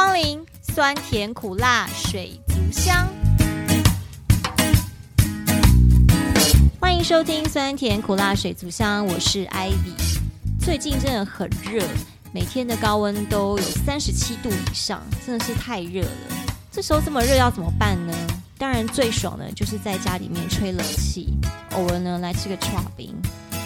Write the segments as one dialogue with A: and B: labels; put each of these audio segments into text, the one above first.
A: 歡迎光臨，酸甜苦辣水族箱。歡迎收聽酸甜苦辣水族箱，我是 Ivy。最近真的很熱，每天的高溫都有三十七度以上，真的是太熱了。這時候這麼熱要怎麼辦呢？當然最爽的，就是在家裡面吹冷氣，偶爾呢來吃個刨冰，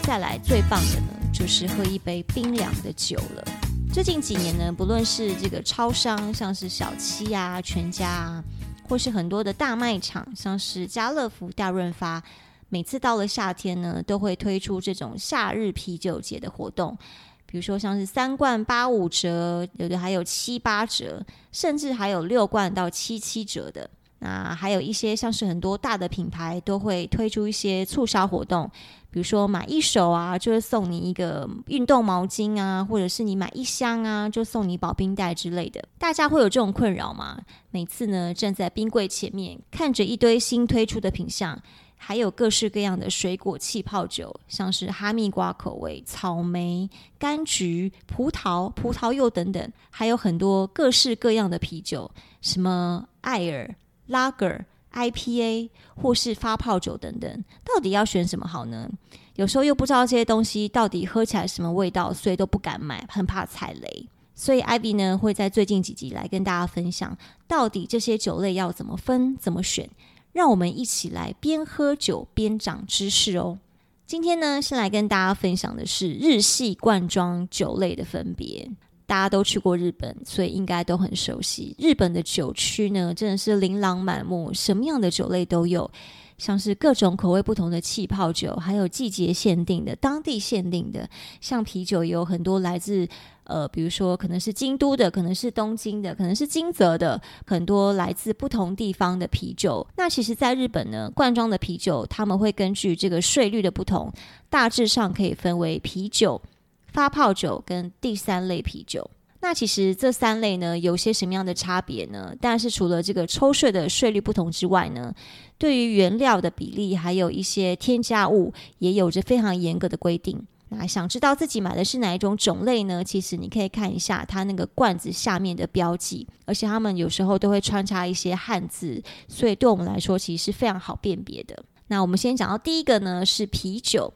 A: 再來最棒的呢，就是喝一杯冰涼的酒了。最近幾年呢，不論是這個超商，像是小七啊、全家啊，或是很多的大賣場，像是家樂福、大潤發，每次到了夏天呢，都會推出這種夏日啤酒節的活動，比如說像是三罐八五折，有的還有七八折，甚至還有六罐到七七折的。那還有一些像是很多大的品牌都會推出一些促銷活動，比如說買一手啊，就會、是、送你一個運動毛巾啊，或者是你買一箱啊，就送你保冰袋之類的。大家會有這種困擾嗎？每次呢，站在冰櫃前面，看着一堆新推出的品項，還有各式各樣的水果氣泡酒，像是哈密瓜口味、草莓、柑橘、葡萄、葡萄柚等等，還有很多各式各樣的啤酒，什麼艾爾。Lager, IPA，或是發泡酒等等，到底要選什麼好呢？有時候又不知道這些東西到底喝起來什麼味道，所以都不敢買，很怕踩雷。所以 Ivy 呢會在最近幾集來跟大家分享，到底這些酒類要怎麼分、怎麼選，讓我們一起來邊喝酒邊長知識哦。今天呢先來跟大家分享的是日系罐裝酒類的分別。大家都去過日本，所以應該都很熟悉。日本的酒區呢，真的是琳琅滿目，什麼樣的酒類都有，像是各種口味不同的氣泡酒，還有季節限定的、當地限定的，像啤酒也有很多來自呃，比如說可能是京都的，可能是東京的，可能是金澤的，很多來自不同地方的啤酒。那其實在日本呢，罐裝的啤酒他們會根據這個稅率的不同，大致上可以分為啤酒、發泡酒跟第三類啤酒，那其實這三類呢，有些什麼樣的差別呢？當然是除了這個抽稅的稅率不同之外呢，對於原料的比例還有一些添加物，也有着非常嚴格的規定。那想知道自己買的是哪一種種類呢？其實你可以看一下它那個罐子下面的標記，而且他們有時候都會穿插一些漢字，所以對我們來說其實是非常好辨別的。那我們先講到第一個呢，是啤酒。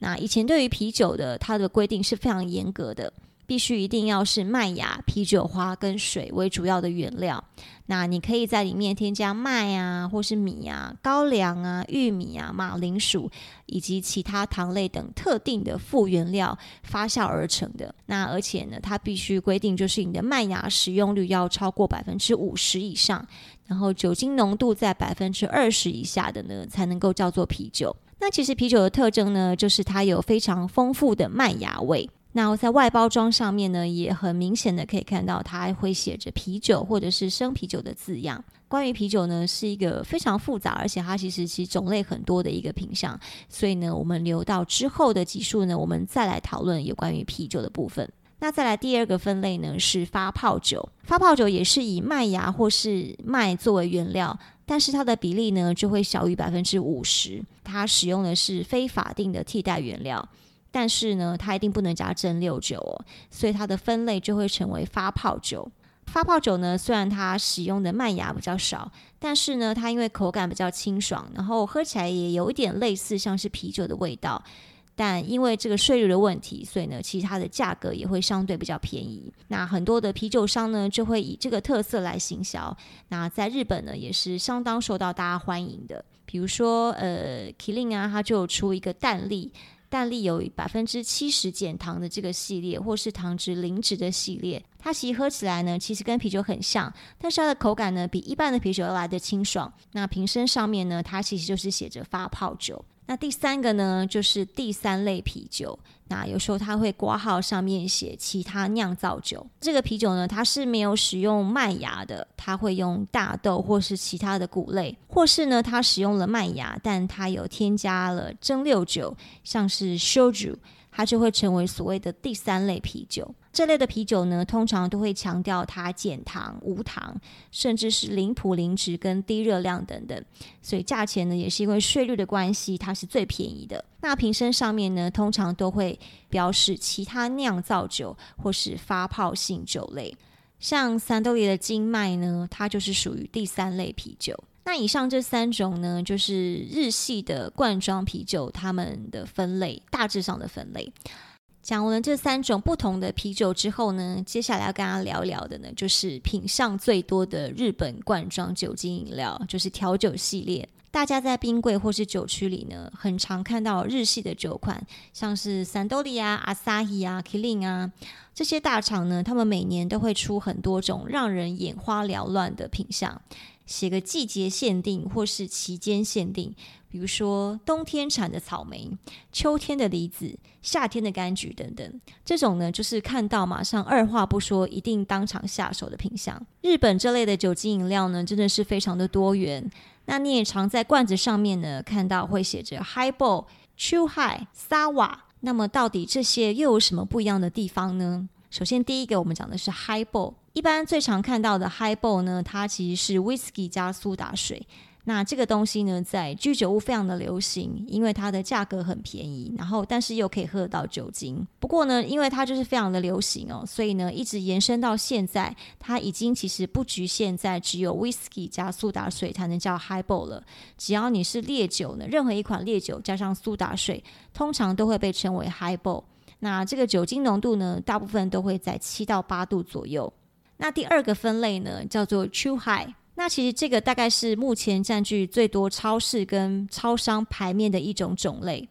A: 那以前對於啤酒的它的規定是非常嚴格的，必須一定要是麥芽、啤酒花跟水為主要的原料。那你可以在裡面添加麥啊，或是米啊、高粱啊、玉米啊、馬鈴薯以及其他糖類等特定的副原料發酵而成的。那而且呢，它必須規定就是你的麥芽使用率要超過百分之五十以上，然後酒精濃度在百分之二十以下的呢，才能夠叫做啤酒。那其實啤酒的特徵呢，就是它有非常豐富的麥芽味。那我在外包裝上面呢，也很明顯的可以看到它會寫着啤酒或者是生啤酒的字樣。關於啤酒呢，是一個非常複雜，而且它其實其種類很多的一個品項。所以呢，我們留到之後的集數呢，我們再來討論有關於啤酒的部分。那再來第二個分類呢，是發泡酒。發泡酒也是以麥芽或是麥作為原料，但是它的比例呢就會小於百分之五十，它使用的是非法定的替代原料，但是呢它一定不能加蒸餾酒哦，所以它的分類就會成為發泡酒。發泡酒呢雖然它使用的麥芽比較少，但是呢它因為口感比較清爽，然後喝起來也有一點類似像是啤酒的味道。但因為這個稅率的問題，所以呢，其實它的價格也會相對比較便宜。那很多的啤酒商呢，就會以這個特色來行銷。那在日本呢，也是相當受到大家歡迎的。比如說，呃，麒麟啊，它就有出一個淡麗，淡麗有百分之七十減糖的這個系列，或是糖質零脂的系列。它其實喝起來呢，其實跟啤酒很像，但是它的口感呢，比一般的啤酒要來得清爽。那瓶身上面呢，它其實就是寫着發泡酒。那第三個呢，就是第三類啤酒。那有時候它會括號上面寫“其他釀造酒”。這個啤酒呢，它是沒有使用麥芽的，它會用大豆或是其他的穀類，或是呢，它使用了麥芽，但它有添加了蒸餾酒，像是燒酒，它就會成為所謂的第三類啤酒。這類的啤酒呢，通常都會強調它減糖、無糖，甚至是零葡、零脂跟低熱量等等。所以價錢呢，也是因為稅率的關係，它是最便宜的。那瓶身上面呢，通常都會標示其他釀造酒或是發泡性酒類，像三得利的金麥呢，它就是屬於第三類啤酒。那以上這三種呢，就是日系的罐裝啤酒他們的分類，大致上的分類。講完這三種不同的啤酒之後呢，接下來要跟大家聊聊的呢，就是品項最多的日本罐裝酒精飲料，就是調酒系列。大家在冰櫃或是酒區裡呢，很常看到日系的酒款，像是三得利啊、阿薩希啊、麒麟啊這些大廠呢，他們每年都會出很多種讓人眼花繚亂的品項。寫個季節限定或是期間限定，比如說冬天產的草莓、秋天的梨子、夏天的柑橘等等，這種呢就是看到馬上二話不說，一定當場下手的品相。日本這類的酒精飲料呢，真的是非常的多元。那你也常在罐子上面呢看到會寫着 Highball、Chuhai、Sawa，那麼到底這些又有什麼不一樣的地方呢？首先第一個我們講的是 Highball 一般最常看到的 highball 呢，它其實是 whiskey 加蘇打水。那這個東西呢，在居酒屋非常的流行，因為它的價格很便宜，然後但是又可以喝到酒精。不過呢，因為它就是非常的流行哦，所以呢，一直延伸到現在，它已經其實不局限在只有 whiskey 加蘇打水才能叫 highball 了。只要你是烈酒呢，任何一款烈酒加上蘇打水，通常都會被稱為 highball。那這個酒精濃度呢，大部分都會在七到八度左右。那第二個分類呢，叫做 Chu Hai。那其實這個大概是目前佔據最多超市跟超商排面的一種種類。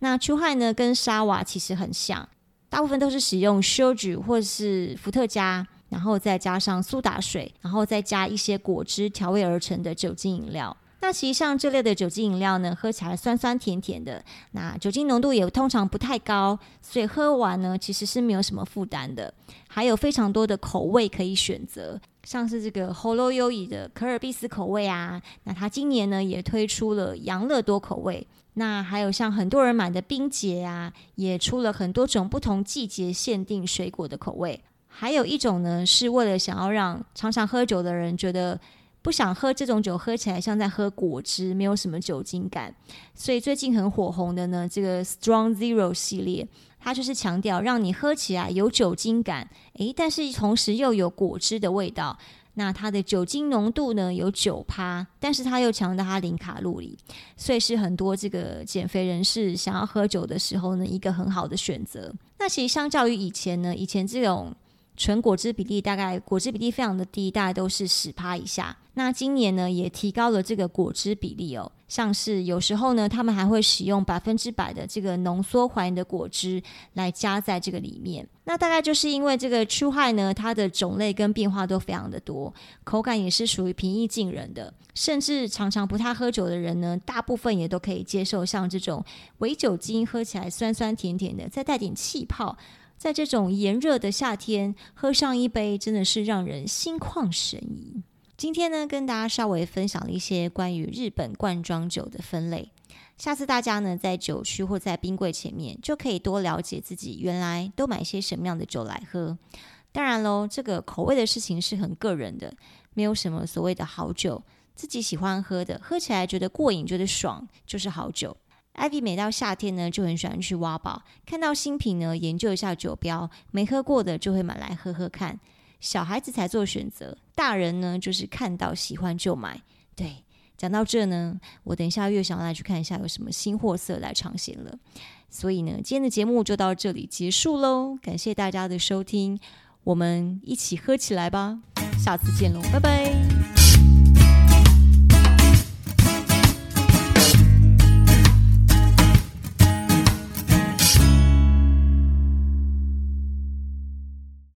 A: 那 Chu Hai 呢，跟沙瓦其實很像，大部分都是使用燒酎或是伏特加，然後再加上蘇打水，然後再加一些果汁調味而成的酒精飲料。那其實像這類的酒精飲料呢，喝起來酸酸甜甜的，那酒精濃度也通常不太高，所以喝完呢其實是沒有什麼負擔的。還有非常多的口味可以選擇，像是這個 Horoyoi 的可爾必斯口味啊，那它今年呢也推出了養樂多口味。那還有像很多人買的冰結啊，也出了很多種不同季節限定水果的口味。還有一種呢，是為了想要讓常常喝酒的人覺得。不想喝這種酒，喝起來像在喝果汁，沒有什麼酒精感。所以最近很火紅的呢，這個 Strong Zero 系列，它就是強調讓你喝起來有酒精感，誒，但是同時又有果汁的味道。那它的酒精濃度呢有9趴，但是它又強到它零卡路里，所以是很多這個減肥人士想要喝酒的時候呢，一個很好的選擇。那其實相較於以前呢，以前這種純果汁比例大概果汁比例非常的低，大概都是十趴以下。那今年呢也提高了這個果汁比例哦，像是有時候呢他們還會使用百分之百的這個濃縮還原的果汁來加在這個裡面。那大概就是因為這個出海呢，它的種類跟變化都非常的多，口感也是屬於平易近人的，甚至常常不太喝酒的人呢，大部分也都可以接受像這種微酒精，喝起來酸酸甜甜的，再帶點氣泡。在這種炎熱的夏天，喝上一杯真的是讓人心曠神怡。今天呢，跟大家稍微分享了一些關於日本罐裝酒的分類。下次大家呢，在酒區或在冰櫃前面，就可以多了解自己原來都買一些什麼樣的酒來喝。當然嘍，這個口味的事情是很個人的，沒有什麼所謂的好酒，自己喜歡喝的，喝起來覺得過癮、覺得爽，就是好酒。Ivy 每到夏天呢，就很喜歡去挖寶，看到新品呢，研究一下酒標，沒喝過的就會買來喝喝看。小孩子才做選擇，大人呢就是看到喜歡就買。對，講到這呢，我等一下又想來去看一下有什麼新貨色來嘗鮮了。所以呢，今天的節目就到這裡結束嘍，感謝大家的收聽，我們一起喝起來吧，下次見嘍，拜拜。